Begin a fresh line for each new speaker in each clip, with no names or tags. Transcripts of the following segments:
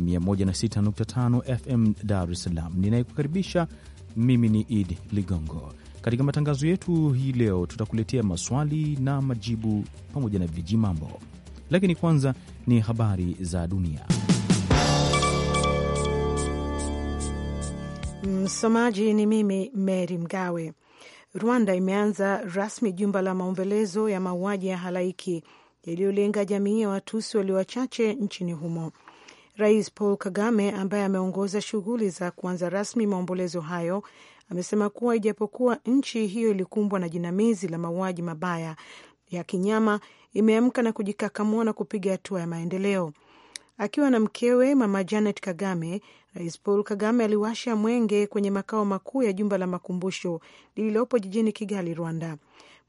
106.5 FM Dar es Salaam. Ninayekukaribisha mimi ni id Ligongo. Katika matangazo yetu hii leo, tutakuletea maswali na majibu pamoja na viji mambo, lakini kwanza ni habari za dunia.
Msomaji ni mimi Mary Mgawe. Rwanda imeanza rasmi jumba la maombelezo ya mauaji ya halaiki yaliyolenga jamii ya Watusi walio wachache nchini humo. Rais Paul Kagame ambaye ameongoza shughuli za kuanza rasmi maombolezo hayo amesema kuwa ijapokuwa nchi hiyo ilikumbwa na jinamizi la mauaji mabaya ya kinyama, imeamka na kujikakamua na kupiga hatua ya maendeleo. Akiwa na mkewe Mama Janet Kagame, Rais Paul Kagame aliwasha mwenge kwenye makao makuu ya jumba la makumbusho lililopo jijini Kigali, Rwanda.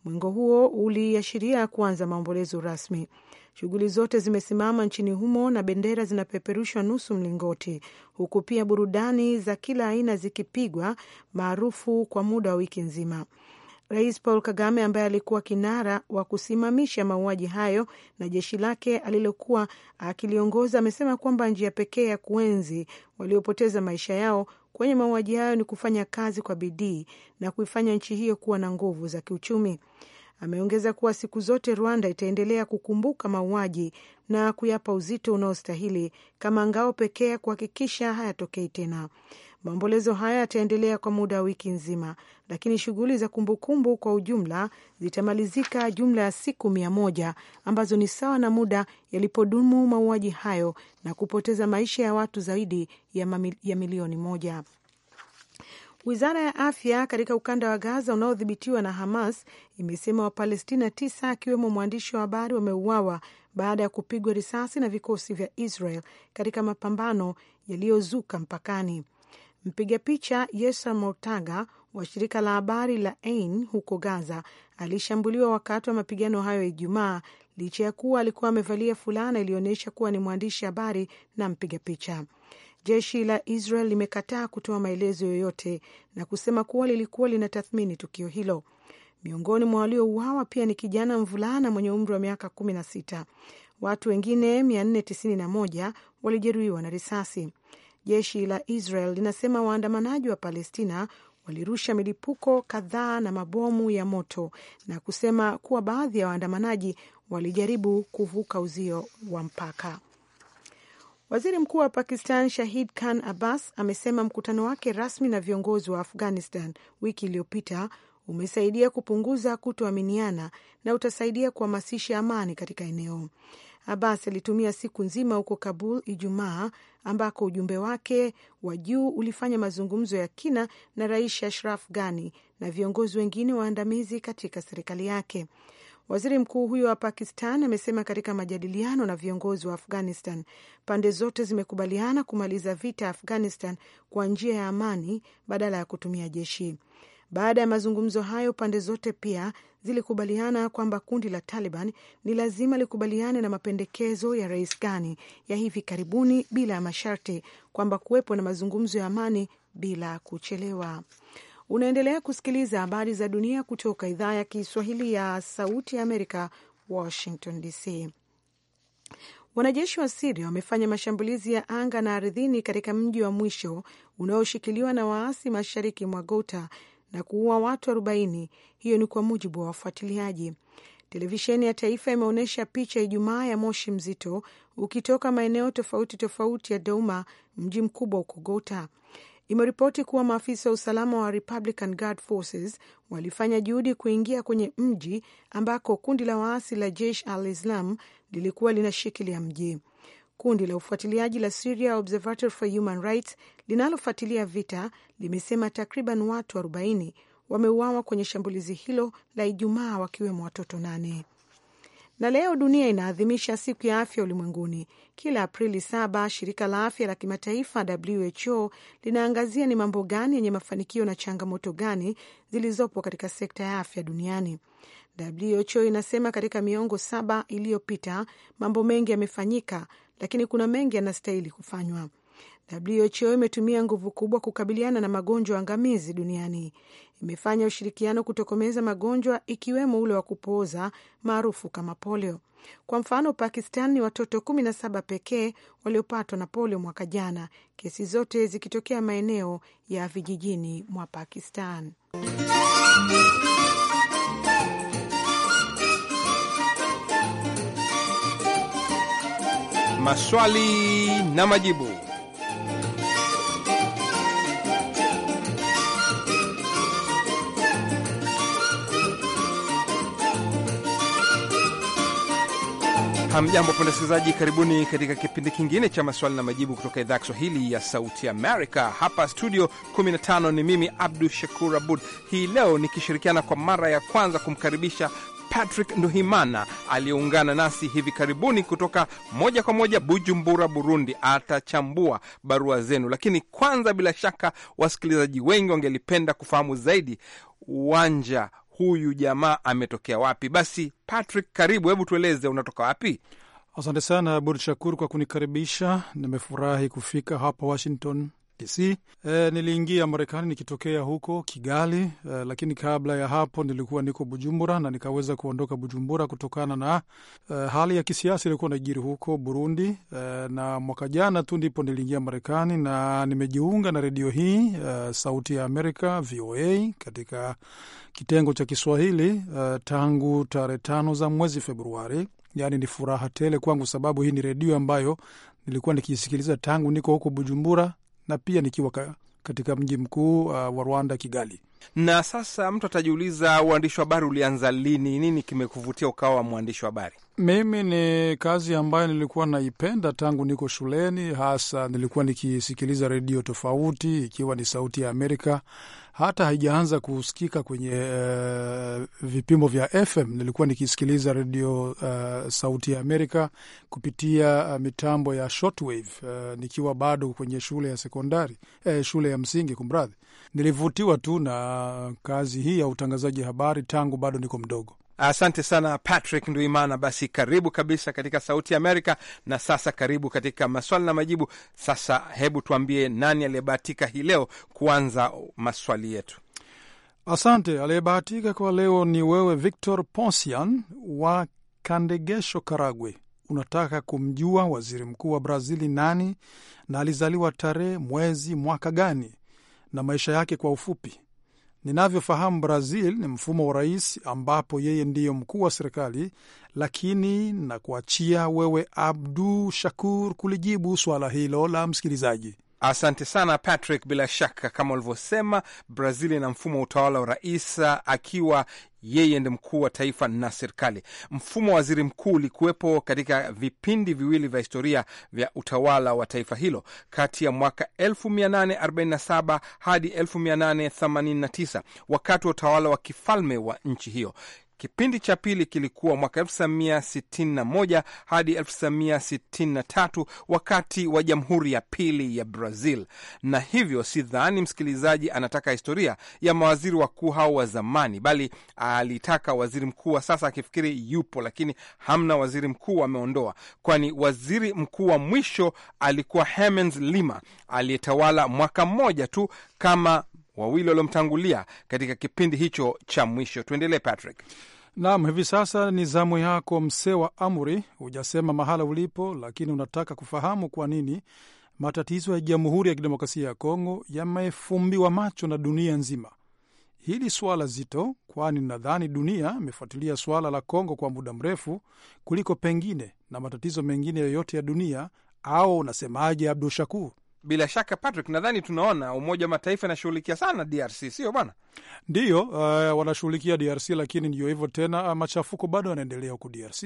Mwengo huo uliashiria kuanza maombolezo rasmi. Shughuli zote zimesimama nchini humo na bendera zinapeperushwa nusu mlingoti, huku pia burudani za kila aina zikipigwa maarufu kwa muda wa wiki nzima. Rais Paul Kagame ambaye alikuwa kinara wa kusimamisha mauaji hayo na jeshi lake alilokuwa akiliongoza amesema kwamba njia pekee ya kuenzi waliopoteza maisha yao kwenye mauaji hayo ni kufanya kazi kwa bidii na kuifanya nchi hiyo kuwa na nguvu za kiuchumi. Ameongeza kuwa siku zote Rwanda itaendelea kukumbuka mauaji na kuyapa uzito unaostahili kama ngao pekee ya kuhakikisha hayatokei tena. Maombolezo haya yataendelea kwa muda wa wiki nzima, lakini shughuli za kumbukumbu -kumbu kwa ujumla zitamalizika jumla ya siku mia moja ambazo ni sawa na muda yalipodumu mauaji hayo na kupoteza maisha ya watu zaidi ya, mamil, ya milioni moja. Wizara ya afya katika ukanda wa Gaza unaodhibitiwa na Hamas imesema Wapalestina tisa akiwemo mwandishi wa habari wameuawa baada ya kupigwa risasi na vikosi vya Israel katika mapambano yaliyozuka mpakani. Mpiga picha Yesa Mortaga wa shirika la habari la Ain huko Gaza alishambuliwa wakati wa mapigano hayo ya Ijumaa licha ya kuwa alikuwa amevalia fulana iliyoonyesha kuwa ni mwandishi habari na mpiga picha. Jeshi la Israel limekataa kutoa maelezo yoyote na kusema kuwa lilikuwa linatathmini tukio hilo. Miongoni mwa waliouawa pia ni kijana mvulana mwenye umri wa miaka kumi na sita. Watu wengine 491 walijeruhiwa na risasi. Jeshi la Israel linasema waandamanaji wa Palestina walirusha milipuko kadhaa na mabomu ya moto na kusema kuwa baadhi ya waandamanaji walijaribu kuvuka uzio wa mpaka. Waziri Mkuu wa Pakistan Shahid Khan Abbas amesema mkutano wake rasmi na viongozi wa Afghanistan wiki iliyopita umesaidia kupunguza kutoaminiana na utasaidia kuhamasisha amani katika eneo. Abbas alitumia siku nzima huko Kabul Ijumaa, ambako ujumbe wake wa juu ulifanya mazungumzo ya kina na Rais Ashraf Ghani na viongozi wengine waandamizi katika serikali yake. Waziri mkuu huyo wa Pakistan amesema katika majadiliano na viongozi wa Afghanistan, pande zote zimekubaliana kumaliza vita Afghanistan kwa njia ya amani badala ya kutumia jeshi. Baada ya mazungumzo hayo, pande zote pia zilikubaliana kwamba kundi la Taliban ni lazima likubaliane na mapendekezo ya Rais Ghani ya hivi karibuni bila ya masharti kwamba kuwepo na mazungumzo ya amani bila kuchelewa. Unaendelea kusikiliza habari za dunia kutoka idhaa ya Kiswahili ya Sauti ya Amerika, Washington DC. Wanajeshi wa Siria wamefanya mashambulizi ya anga na ardhini katika mji wa mwisho unaoshikiliwa na waasi mashariki mwa Gota na kuua watu 40. Hiyo ni kwa mujibu wa wafuatiliaji. Televisheni ya taifa imeonyesha picha Ijumaa ya moshi mzito ukitoka maeneo tofauti tofauti ya Douma, mji mkubwa huko Gota. Imeripoti kuwa maafisa wa usalama wa Republican Guard Forces walifanya juhudi kuingia kwenye mji ambako kundi la waasi la Jeish al Islam lilikuwa linashikilia mji. Kundi la ufuatiliaji la Syria Observatory for Human Rights linalofuatilia vita limesema takriban watu 40 wameuawa kwenye shambulizi hilo la Ijumaa, wakiwemo watoto nane. Na leo dunia inaadhimisha siku ya afya ulimwenguni. Kila Aprili saba, shirika la afya la kimataifa WHO linaangazia ni mambo gani yenye mafanikio na changamoto gani zilizopo katika sekta ya afya duniani. WHO inasema katika miongo saba iliyopita mambo mengi yamefanyika lakini kuna mengi yanastahili kufanywa. WHO imetumia nguvu kubwa kukabiliana na magonjwa angamizi duniani. Imefanya ushirikiano kutokomeza magonjwa ikiwemo ule wa kupooza maarufu kama polio. Kwa mfano, Pakistan ni watoto kumi na saba pekee waliopatwa na polio mwaka jana, kesi zote zikitokea maeneo ya vijijini mwa Pakistan.
maswali na majibu. Hamjambo pende sikilizaji, karibuni katika kipindi kingine cha maswali na majibu kutoka idhaa ya Kiswahili ya Sauti Amerika. Hapa studio 15 ni mimi Abdu Shakur Abud, hii leo nikishirikiana kwa mara ya kwanza kumkaribisha Patrick Nduhimana aliyeungana nasi hivi karibuni kutoka moja kwa moja Bujumbura, Burundi, atachambua barua zenu. Lakini kwanza, bila shaka, wasikilizaji wengi wangelipenda kufahamu zaidi uwanja huyu jamaa ametokea wapi? Basi Patrick, karibu, hebu tueleze unatoka wapi? Asante sana
Abud Shakur kwa kunikaribisha. Nimefurahi kufika hapa Washington DC. E, niliingia Marekani nikitokea huko Kigali e, lakini kabla ya hapo nilikuwa niko Bujumbura na nikaweza kuondoka Bujumbura kutokana na e, hali ya kisiasa ilikuwa najiri huko Burundi e, na mwaka jana tu ndipo niliingia Marekani na nimejiunga na redio hii e, Sauti ya Amerika VOA katika kitengo cha Kiswahili e, tangu tarehe tano za mwezi Februari. Yani ni furaha tele kwangu, sababu hii ni redio ambayo nilikuwa nikisikiliza tangu niko huko Bujumbura na pia nikiwa katika mji mkuu uh, wa Rwanda, Kigali.
Na sasa mtu atajiuliza, uandishi wa habari ulianza lini? Nini kimekuvutia ukawa mwandishi wa habari?
Mimi ni kazi ambayo nilikuwa naipenda tangu niko shuleni, hasa nilikuwa nikisikiliza redio tofauti, ikiwa ni Sauti ya Amerika. Hata haijaanza kusikika kwenye uh, vipimo vya FM. Nilikuwa nikisikiliza redio uh, Sauti ya Amerika kupitia uh, mitambo ya shortwave uh, nikiwa bado kwenye shule ya sekondari, uh, shule ya msingi kumradhi nilivutiwa tu na kazi hii ya utangazaji habari tangu bado
niko mdogo. Asante sana Patrick Nduimana. Basi karibu kabisa katika Sauti ya Amerika. Na sasa karibu katika maswali na majibu. Sasa hebu tuambie, nani aliyebahatika hii leo kuanza maswali yetu?
Asante. Aliyebahatika kwa leo ni wewe Victor Ponsian wa Kandegesho, Karagwe. Unataka kumjua waziri mkuu wa Brazili nani na alizaliwa tarehe, mwezi, mwaka gani? na maisha yake kwa ufupi. Ninavyofahamu, Brazil ni mfumo wa rais, ambapo yeye ndiyo mkuu wa serikali, lakini na kuachia wewe Abdu
Shakur kulijibu swala hilo la msikilizaji. Asante sana Patrick. Bila shaka kama ulivyosema, Brazil ina mfumo wa utawala wa rais uh, akiwa yeye ndi mkuu wa taifa na serikali. Mfumo wa waziri mkuu ulikuwepo katika vipindi viwili vya historia vya utawala wa taifa hilo kati ya mwaka 1847 hadi 1889 wakati wa utawala wa kifalme wa nchi hiyo. Kipindi cha pili kilikuwa mwaka 1961 hadi 1963, wakati wa jamhuri ya pili ya Brazil. Na hivyo sidhani msikilizaji anataka historia ya mawaziri wakuu hao wa zamani, bali alitaka waziri mkuu wa sasa, akifikiri yupo, lakini hamna waziri mkuu, ameondoa, kwani waziri mkuu wa mwisho alikuwa Hermans Lima aliyetawala mwaka mmoja tu kama wawili waliomtangulia katika kipindi hicho cha mwisho. Tuendelee Patrick.
Naam, hivi sasa ni zamu yako, msee wa amri. Hujasema mahala ulipo, lakini unataka kufahamu kwa nini matatizo ya Jamhuri ya Kidemokrasia ya Kongo yamefumbiwa macho na dunia nzima. Hili swala zito, kwani nadhani dunia imefuatilia swala la Kongo kwa muda mrefu kuliko pengine na matatizo mengine yoyote ya dunia, au unasemaje, Abdu Shakur? bila shaka Patrick, nadhani tunaona Umoja wa Mataifa inashughulikia sana DRC, sio bwana? Ndiyo, uh, wanashughulikia DRC, lakini ndio hivyo tena, machafuko bado yanaendelea huku DRC.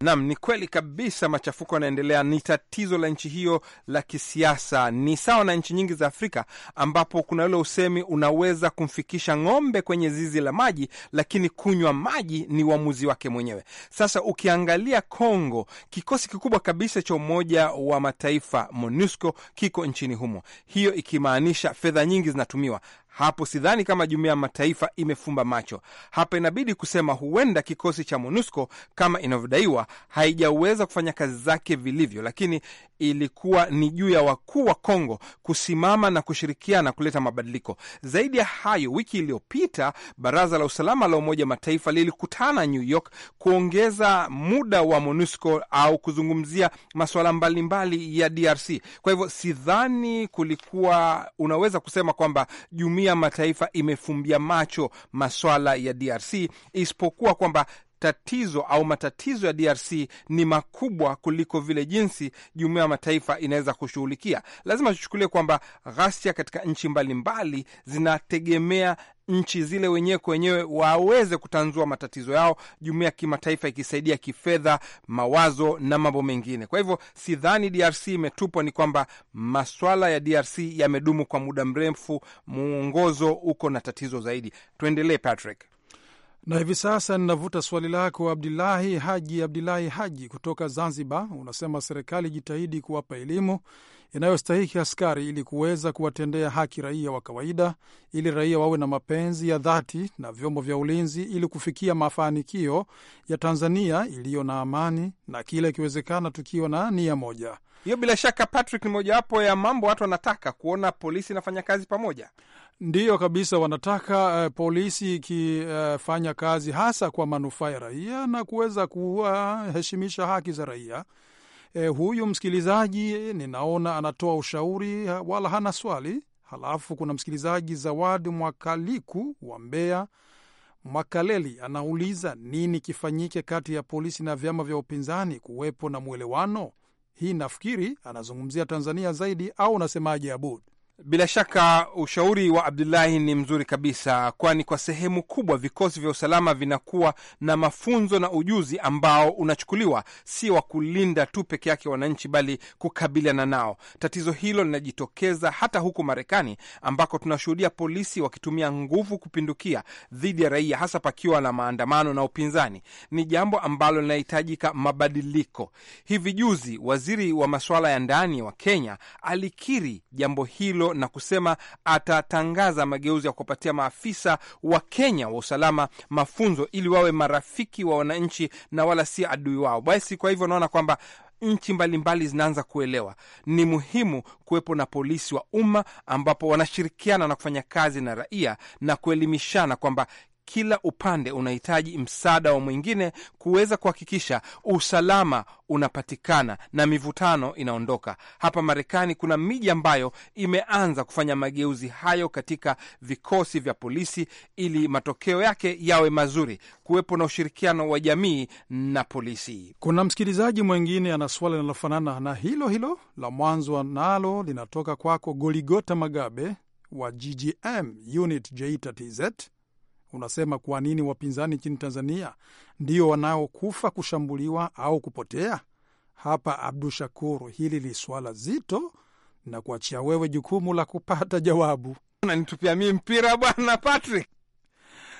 Nam, ni kweli kabisa, machafuko yanaendelea, ni tatizo la nchi hiyo la kisiasa. Ni sawa na nchi nyingi za Afrika ambapo kuna ule usemi, unaweza kumfikisha ng'ombe kwenye zizi la maji, lakini kunywa maji ni uamuzi wake mwenyewe. Sasa ukiangalia Kongo, kikosi kikubwa kabisa cha Umoja wa Mataifa MONUSCO kiko nchini humo, hiyo ikimaanisha fedha nyingi zinatumiwa hapo sidhani kama jumuiya ya mataifa imefumba macho hapa. Inabidi kusema huenda kikosi cha MONUSCO kama inavyodaiwa haijaweza kufanya kazi zake vilivyo, lakini ilikuwa ni juu ya wakuu wa Kongo kusimama na kushirikiana kuleta mabadiliko. Zaidi ya hayo, wiki iliyopita baraza la usalama la Umoja Mataifa lilikutana New York kuongeza muda wa MONUSCO au kuzungumzia masuala mbalimbali ya DRC. Kwa hivyo sidhani kulikuwa unaweza kusema kwamba jumuiya Jumuiya ya Mataifa imefumbia macho maswala ya DRC isipokuwa kwamba tatizo au matatizo ya DRC ni makubwa kuliko vile jinsi jumuiya ya mataifa inaweza kushughulikia. Lazima tuchukulie kwamba ghasia katika nchi mbalimbali zinategemea nchi zile wenyewe kwa wenyewe waweze kutanzua matatizo yao, jumuiya ya kimataifa ikisaidia kifedha, mawazo na mambo mengine. Kwa hivyo sidhani DRC imetupwa, ni kwamba maswala ya DRC yamedumu kwa muda mrefu, muongozo uko na tatizo zaidi. Tuendelee Patrick.
Na hivi sasa ninavuta swali lako Abdulahi Haji. Abdulahi Haji kutoka Zanzibar unasema serikali jitahidi kuwapa elimu inayostahiki askari ili kuweza kuwatendea haki raia wa kawaida, ili raia wawe na mapenzi ya dhati na vyombo vya ulinzi ili kufikia mafanikio ya Tanzania iliyo na amani, na kila ikiwezekana tukiwa na nia moja hiyo bila shaka, Patrick, ni mojawapo ya mambo watu wanataka kuona polisi inafanya kazi pamoja. Ndiyo kabisa, wanataka uh, polisi ikifanya uh, kazi hasa kwa manufaa ya raia na kuweza kuheshimisha haki za raia. Uh, huyu msikilizaji ninaona anatoa ushauri wala hana swali. Halafu kuna msikilizaji Zawadi Mwakaliku wa Mbeya Mwakaleli anauliza nini kifanyike kati ya polisi na vyama vya upinzani kuwepo na mwelewano
hii nafikiri anazungumzia Tanzania zaidi, au unasemaje Abud? Bila shaka ushauri wa Abdullahi ni mzuri kabisa, kwani kwa sehemu kubwa vikosi vya usalama vinakuwa na mafunzo na ujuzi ambao unachukuliwa si wa kulinda tu peke yake wananchi, bali kukabiliana nao. Tatizo hilo linajitokeza hata huku Marekani, ambako tunashuhudia polisi wakitumia nguvu kupindukia dhidi ya raia, hasa pakiwa na maandamano na upinzani. Ni jambo ambalo linahitajika mabadiliko. Hivi juzi waziri wa masuala ya ndani wa Kenya alikiri jambo hilo hilo na kusema atatangaza mageuzi ya kuwapatia maafisa wa Kenya wa usalama mafunzo ili wawe marafiki wa wananchi na wala si adui wao. Basi kwa hivyo naona kwamba nchi mbalimbali zinaanza kuelewa ni muhimu kuwepo na polisi wa umma ambapo wanashirikiana na kufanya kazi na raia na kuelimishana kwamba kila upande unahitaji msaada wa mwingine kuweza kuhakikisha usalama unapatikana na mivutano inaondoka. Hapa Marekani kuna miji ambayo imeanza kufanya mageuzi hayo katika vikosi vya polisi, ili matokeo yake yawe mazuri, kuwepo na ushirikiano wa jamii na polisi.
Kuna msikilizaji mwingine ana swala linalofanana na hilo hilo la mwanzo, nalo linatoka kwako Goligota Magabe wa GGM unit JTTZ Unasema kwa nini wapinzani nchini Tanzania ndio wanaokufa kushambuliwa au kupotea? Hapa Abdu Shakur, hili ni swala zito na kuachia wewe jukumu la kupata jawabu.
Nanitupia mii mpira bwana Patrick,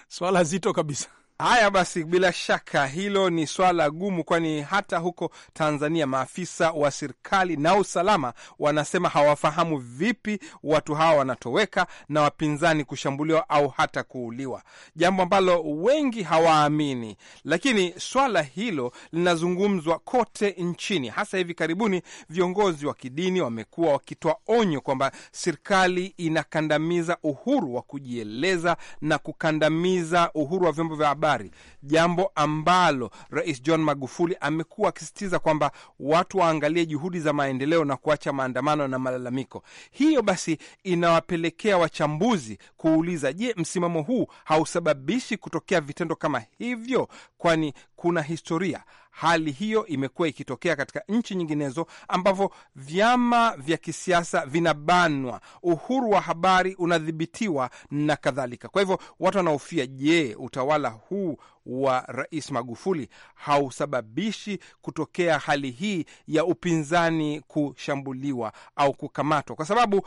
swala zito kabisa. Haya basi, bila shaka hilo ni swala gumu, kwani hata huko Tanzania maafisa wa serikali na usalama wanasema hawafahamu vipi watu hawa wanatoweka na wapinzani kushambuliwa au hata kuuliwa, jambo ambalo wengi hawaamini. Lakini swala hilo linazungumzwa kote nchini. Hasa hivi karibuni, viongozi wa kidini wamekuwa wakitoa onyo kwamba serikali inakandamiza uhuru wa kujieleza na kukandamiza uhuru wa vyombo vya habari habari, jambo ambalo Rais John Magufuli amekuwa akisisitiza kwamba watu waangalie juhudi za maendeleo na kuacha maandamano na malalamiko. Hiyo basi inawapelekea wachambuzi kuuliza, je, msimamo huu hausababishi kutokea vitendo kama hivyo? Kwani kuna historia Hali hiyo imekuwa ikitokea katika nchi nyinginezo ambavyo vyama vya kisiasa vinabanwa, uhuru wa habari unadhibitiwa na kadhalika. Kwa hivyo watu wanaofia, je, utawala huu wa Rais Magufuli hausababishi kutokea hali hii ya upinzani kushambuliwa au kukamatwa? Kwa sababu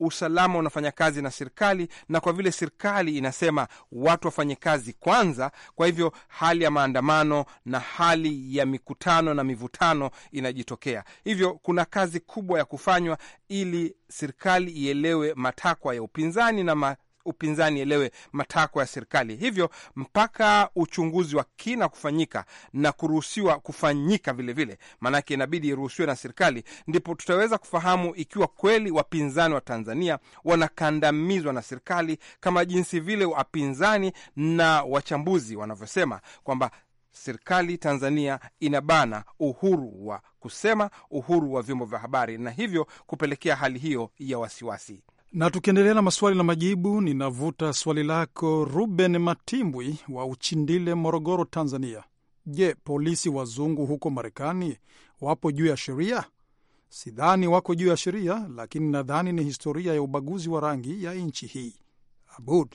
usalama unafanya kazi na serikali, na kwa vile serikali inasema watu wafanye kazi kwanza, kwa hivyo hali ya maandamano na hali ya mikutano na mivutano inajitokea. Hivyo kuna kazi kubwa ya kufanywa ili serikali ielewe matakwa ya upinzani na ma upinzani elewe matakwa ya serikali. Hivyo mpaka uchunguzi wa kina kufanyika na kuruhusiwa kufanyika vilevile, maanake inabidi iruhusiwe na serikali, ndipo tutaweza kufahamu ikiwa kweli wapinzani wa Tanzania wanakandamizwa na serikali kama jinsi vile wapinzani na wachambuzi wanavyosema kwamba serikali Tanzania inabana uhuru wa kusema, uhuru wa vyombo vya habari, na hivyo kupelekea hali hiyo ya wasiwasi.
Na tukiendelea na maswali na majibu, ninavuta swali lako Ruben Matimbwi wa Uchindile, Morogoro, Tanzania. Je, polisi wazungu huko Marekani wapo juu ya sheria? Sidhani wako juu ya sheria, lakini nadhani ni historia ya ubaguzi wa rangi ya nchi
hii. Abud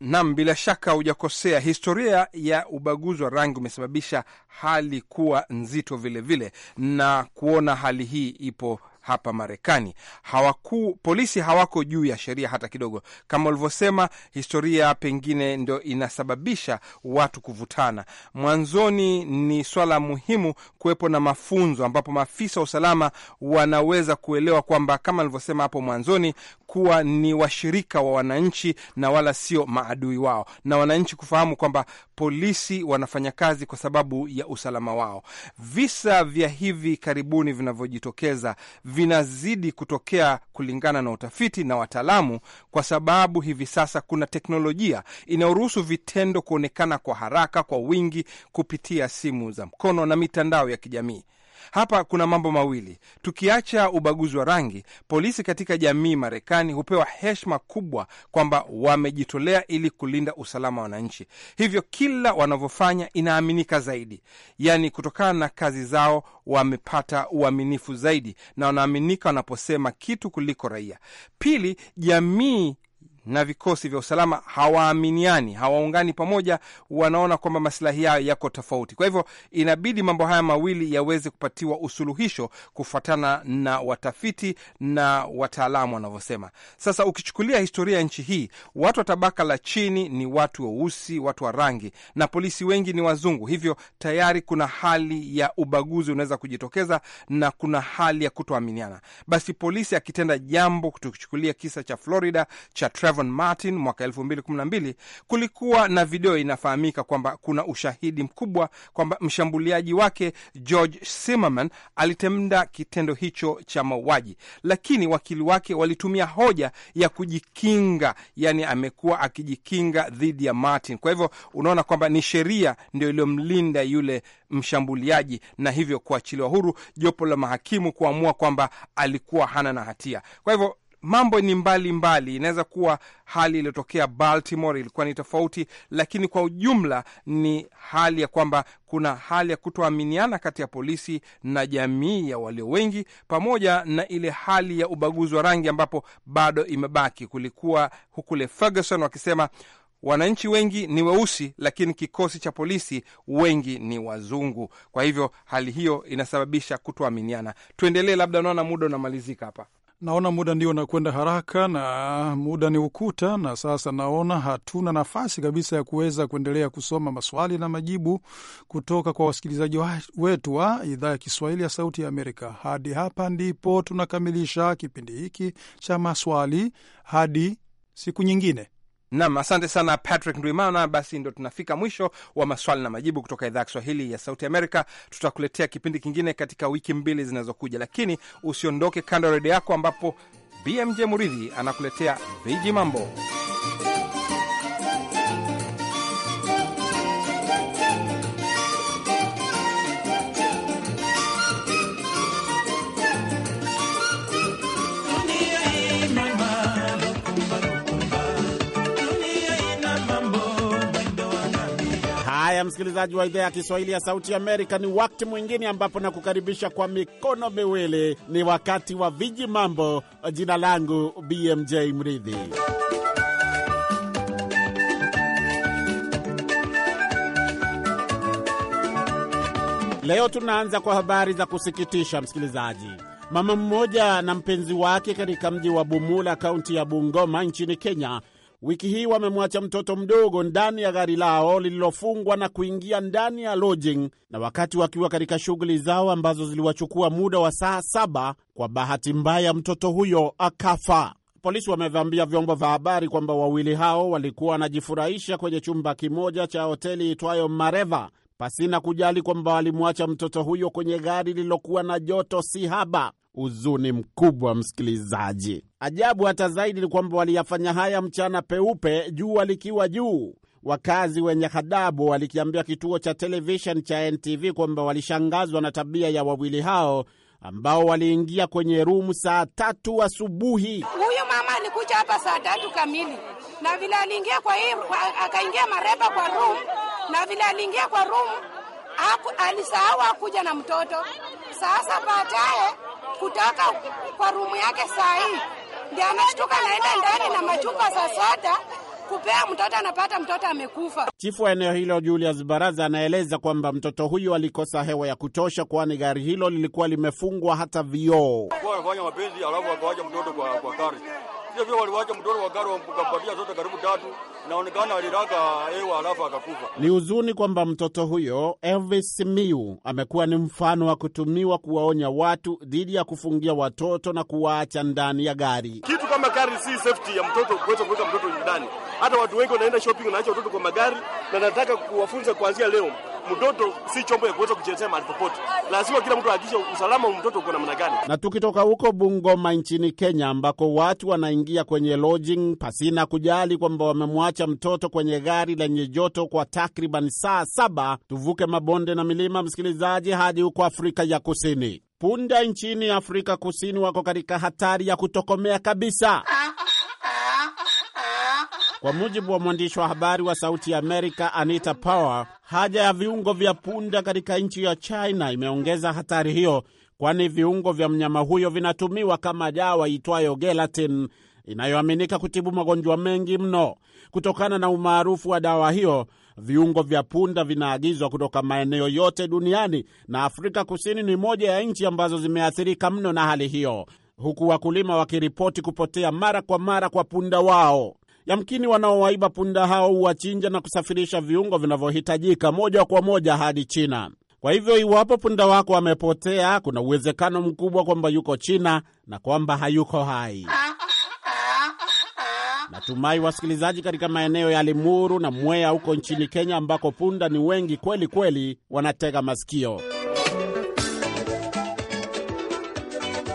Nam, bila shaka hujakosea. Historia ya ubaguzi wa rangi umesababisha hali kuwa nzito vilevile vile, na kuona hali hii ipo hapa Marekani. Hawaku, polisi hawako juu ya sheria hata kidogo. Kama ulivyosema, historia pengine ndo inasababisha watu kuvutana. Mwanzoni ni swala muhimu kuwepo na mafunzo, ambapo maafisa wa usalama wanaweza kuelewa kwamba, kama alivyosema hapo mwanzoni, kuwa ni washirika wa wananchi na wala sio maadui wao, na wananchi kufahamu kwamba polisi wanafanya kazi kwa sababu ya usalama wao. Visa vya hivi karibuni vinavyojitokeza vinazidi kutokea kulingana na utafiti na wataalamu, kwa sababu hivi sasa kuna teknolojia inayoruhusu vitendo kuonekana kwa haraka, kwa wingi, kupitia simu za mkono na mitandao ya kijamii. Hapa kuna mambo mawili. Tukiacha ubaguzi wa rangi, polisi katika jamii Marekani hupewa heshima kubwa kwamba wamejitolea ili kulinda usalama wa wananchi, hivyo kila wanavyofanya inaaminika zaidi. Yaani, kutokana na kazi zao wamepata uaminifu zaidi, na wanaaminika wanaposema kitu kuliko raia. Pili, jamii na vikosi vya usalama hawaaminiani, hawaungani pamoja, wanaona kwamba masilahi yao yako tofauti. Kwa hivyo inabidi mambo haya mawili yaweze kupatiwa usuluhisho kufuatana na watafiti na wataalamu wanavyosema. Sasa ukichukulia historia ya nchi hii, watu wa tabaka la chini ni watu weusi, watu wa rangi, na polisi wengi ni wazungu, hivyo tayari kuna hali ya ubaguzi unaweza kujitokeza na kuna hali ya kutoaminiana. Basi polisi akitenda jambo, tukichukulia kisa cha Florida cha Trevor Trayvon Martin mwaka 2012 kulikuwa na video inafahamika kwamba kuna ushahidi mkubwa kwamba mshambuliaji wake George Zimmerman alitenda kitendo hicho cha mauaji, lakini wakili wake walitumia hoja ya kujikinga, yani amekuwa akijikinga dhidi ya Martin. Kwa hivyo unaona kwamba ni sheria ndio iliyomlinda yule mshambuliaji na hivyo kuachiliwa huru, jopo la mahakimu kuamua kwamba alikuwa hana na hatia. Kwa hivyo mambo ni mbalimbali. Inaweza kuwa hali iliyotokea Baltimore ilikuwa ni tofauti, lakini kwa ujumla ni hali ya kwamba kuna hali ya kutoaminiana kati ya polisi na jamii ya walio wengi, pamoja na ile hali ya ubaguzi wa rangi ambapo bado imebaki. Kulikuwa hukule Ferguson wakisema wananchi wengi ni weusi, lakini kikosi cha polisi wengi ni wazungu. Kwa hivyo hali hiyo inasababisha kutoaminiana. Tuendelee, labda unaona muda unamalizika hapa.
Naona muda ndio unakwenda haraka na muda ni ukuta, na sasa naona hatuna nafasi kabisa ya kuweza kuendelea kusoma maswali na majibu kutoka kwa wasikilizaji wetu wa idhaa ya Kiswahili ya Sauti ya Amerika. Hadi hapa ndipo tunakamilisha kipindi hiki cha maswali. Hadi siku nyingine.
Nam, asante sana Patrick Ndwimana. Basi ndo tunafika mwisho wa maswali na majibu kutoka idhaa ya Kiswahili ya Sauti Amerika. Tutakuletea kipindi kingine katika wiki mbili zinazokuja, lakini usiondoke kando ya redio yako, ambapo BMJ Muridhi anakuletea viji mambo.
msikilizaji wa idhaa ya Kiswahili ya Sauti Amerika, ni wakati mwingine ambapo nakukaribisha kwa mikono miwili. Ni wakati wa viji mambo. Jina langu BMJ Mridhi. Leo tunaanza kwa habari za kusikitisha, msikilizaji. Mama mmoja na mpenzi wake katika mji wa Bumula, kaunti ya Bungoma nchini Kenya wiki hii wamemwacha mtoto mdogo ndani ya gari lao lililofungwa na kuingia ndani ya lodging, na wakati wakiwa katika shughuli zao ambazo ziliwachukua muda wa saa saba, kwa bahati mbaya mtoto huyo akafa. Polisi wamevambia vyombo vya habari kwamba wawili hao walikuwa wanajifurahisha kwenye chumba kimoja cha hoteli itwayo Mareva pasina kujali kwamba walimwacha mtoto huyo kwenye gari lililokuwa na joto si haba huzuni mkubwa, msikilizaji. Ajabu hata zaidi ni kwamba waliyafanya haya mchana peupe, jua likiwa juu. Wakazi wenye hadabu walikiambia kituo cha televishen cha NTV kwamba walishangazwa na tabia ya wawili hao ambao waliingia kwenye rumu saa tatu asubuhi.
Huyu mama alikuja hapa saa tatu kamili, na vile aliingia kwa hii akaingia mareba kwa rum, na vile aliingia kwa rumu alisahau akuja na mtoto. Sasa baadaye kutoka kwa rumu yake saa hii ndio anashtuka naenda ndani na machupa za soda kupea mtoto, anapata mtoto amekufa.
Chifu wa eneo hilo Julius Baraza anaeleza kwamba mtoto huyo alikosa hewa ya kutosha, kwani gari hilo lilikuwa limefungwa hata vioo.
Anafanya mapenzi alafu akawacha mtoto kwa gari, sio vile waliwacha mtoto wa gari, wakampatia zote karibu tatu inaonekana aliraka hewa alafu akakufa.
Ni huzuni kwamba mtoto huyo Elvis Miu amekuwa ni mfano wa kutumiwa kuwaonya watu dhidi ya kufungia watoto na kuwaacha ndani ya gari. Kitu kama gari si safety ya mtoto
kuweza kuweka mtoto ndani. Hata watu wengi wanaenda shopping, wanaacha watoto kwa magari, na nataka kuwafunza kuanzia leo, mtoto si chombo ya kuweza kuchezea mahali popote lazima kila mtu ahakikishe usalama wa mtoto uko namna gani.
Na tukitoka huko Bungoma nchini Kenya, ambako watu wanaingia kwenye lodging pasina kujali kwamba wamemwacha mtoto kwenye gari lenye joto kwa takriban saa saba, tuvuke mabonde na milima, msikilizaji, hadi huko Afrika ya Kusini. Punda nchini Afrika Kusini wako katika hatari ya kutokomea kabisa. Ah, ah. Kwa mujibu wa mwandishi wa habari wa Sauti ya Amerika Anita Power, haja ya viungo vya punda katika nchi ya China imeongeza hatari hiyo, kwani viungo vya mnyama huyo vinatumiwa kama dawa itwayo gelatin inayoaminika kutibu magonjwa mengi mno. Kutokana na umaarufu wa dawa hiyo, viungo vya punda vinaagizwa kutoka maeneo yote duniani, na Afrika Kusini ni moja ya nchi ambazo zimeathirika mno na hali hiyo, huku wakulima wakiripoti kupotea mara kwa mara kwa punda wao. Yamkini wanaowaiba punda hao huwachinja na kusafirisha viungo vinavyohitajika moja kwa moja hadi China. Kwa hivyo iwapo punda wako amepotea, kuna uwezekano mkubwa kwamba yuko China na kwamba hayuko hai. Natumai wasikilizaji, katika maeneo ya Limuru na Mwea huko nchini Kenya, ambako punda ni wengi kweli kweli, wanatega masikio.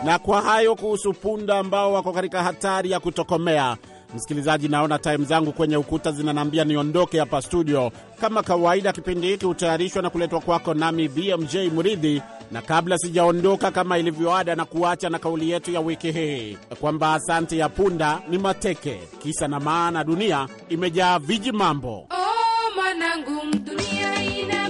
Na kwa hayo kuhusu punda ambao wako katika hatari ya kutokomea, Msikilizaji, naona taimu zangu kwenye ukuta zinanaambia niondoke hapa studio. Kama kawaida, kipindi hiki hutayarishwa na kuletwa kwako nami BMJ Muridhi, na kabla sijaondoka, kama ilivyoada, na kuacha na kauli yetu ya wiki hii kwamba asante ya punda ni mateke. Kisa na maana, dunia imejaa viji mambo.
Oh, mwanangu, dunia ina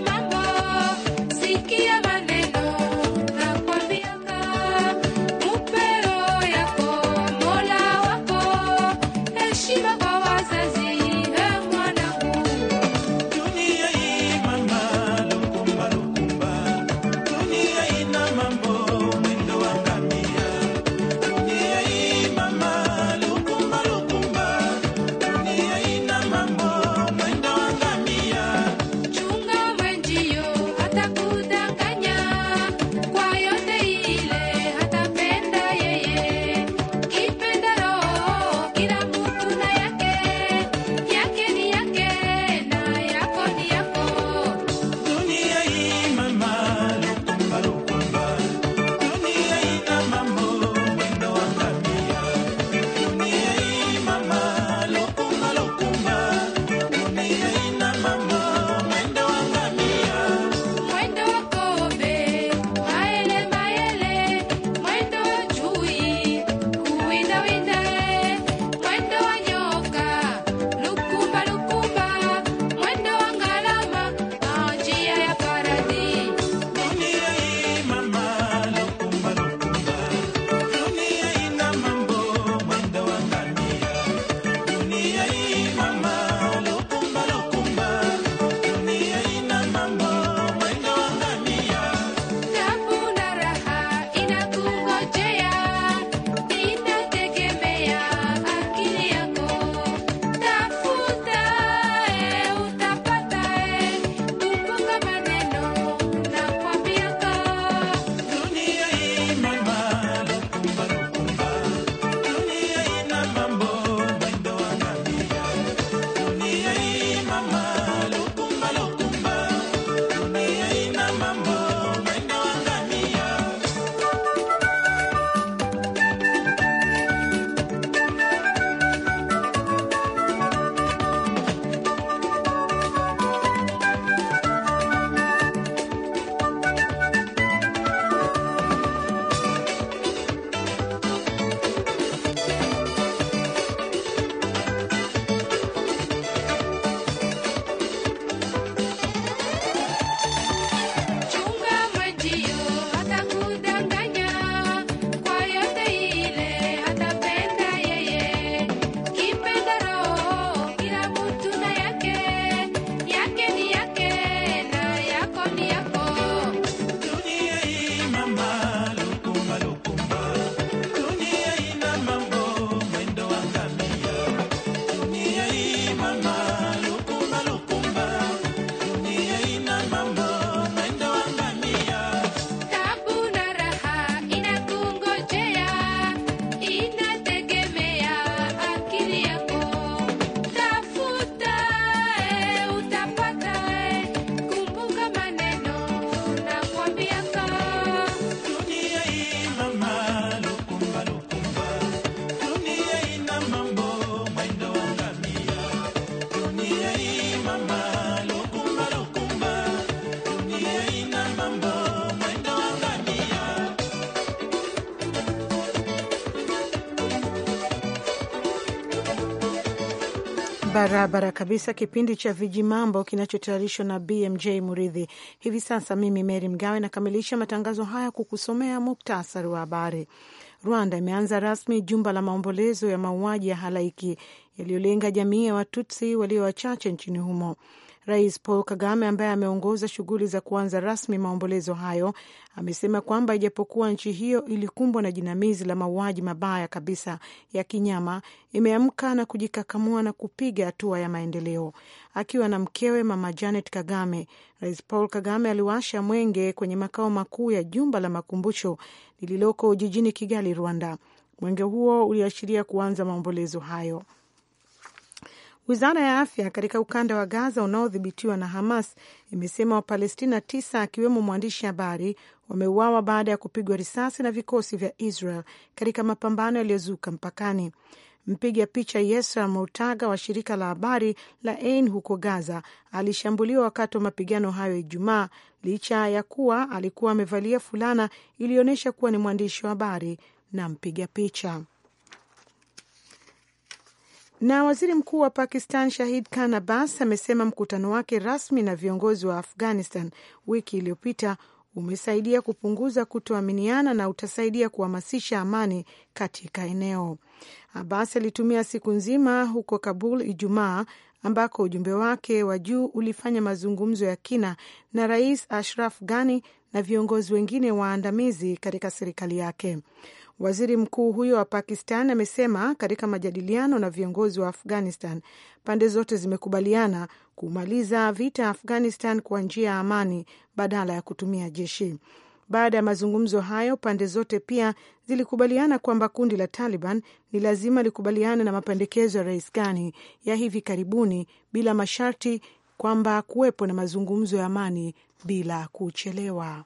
Barabara kabisa, kipindi cha viji mambo kinachotayarishwa na BMJ Muridhi. Hivi sasa mimi Meri Mgawe nakamilisha matangazo haya kukusomea muktasari wa habari. Rwanda imeanza rasmi jumba la maombolezo ya mauaji ya halaiki yaliyolenga jamii ya Watutsi walio wachache nchini humo. Rais Paul Kagame ambaye ameongoza shughuli za kuanza rasmi maombolezo hayo amesema kwamba ijapokuwa nchi hiyo ilikumbwa na jinamizi la mauaji mabaya kabisa ya kinyama, imeamka na kujikakamua na kupiga hatua ya maendeleo. Akiwa na mkewe Mama Janet Kagame, Rais Paul Kagame aliwasha mwenge kwenye makao makuu ya jumba la makumbusho lililoko jijini Kigali, Rwanda. Mwenge huo uliashiria kuanza maombolezo hayo. Wizara ya afya katika ukanda wa Gaza unaodhibitiwa na Hamas imesema Wapalestina tisa akiwemo mwandishi habari wameuawa baada ya kupigwa risasi na vikosi vya Israel katika mapambano yaliyozuka mpakani. Mpiga picha Yesra Moutaga wa shirika la habari la Ain huko Gaza alishambuliwa wakati wa mapigano hayo Ijumaa, licha ya kuwa alikuwa amevalia fulana iliyoonyesha kuwa ni mwandishi wa habari na mpiga picha. Na waziri mkuu wa Pakistan Shahid Khan Abbas amesema mkutano wake rasmi na viongozi wa Afghanistan wiki iliyopita umesaidia kupunguza kutoaminiana na utasaidia kuhamasisha amani katika eneo. Abbas alitumia siku nzima huko Kabul Ijumaa, ambako ujumbe wake wa juu ulifanya mazungumzo ya kina na Rais Ashraf Ghani na viongozi wengine waandamizi katika serikali yake. Waziri mkuu huyo wa Pakistan amesema katika majadiliano na viongozi wa Afghanistan, pande zote zimekubaliana kumaliza vita Afghanistan kwa njia ya amani badala ya kutumia jeshi. Baada ya mazungumzo hayo, pande zote pia zilikubaliana kwamba kundi la Taliban ni lazima likubaliane na mapendekezo ya Rais Ghani ya hivi karibuni bila masharti, kwamba kuwepo na mazungumzo ya amani bila kuchelewa.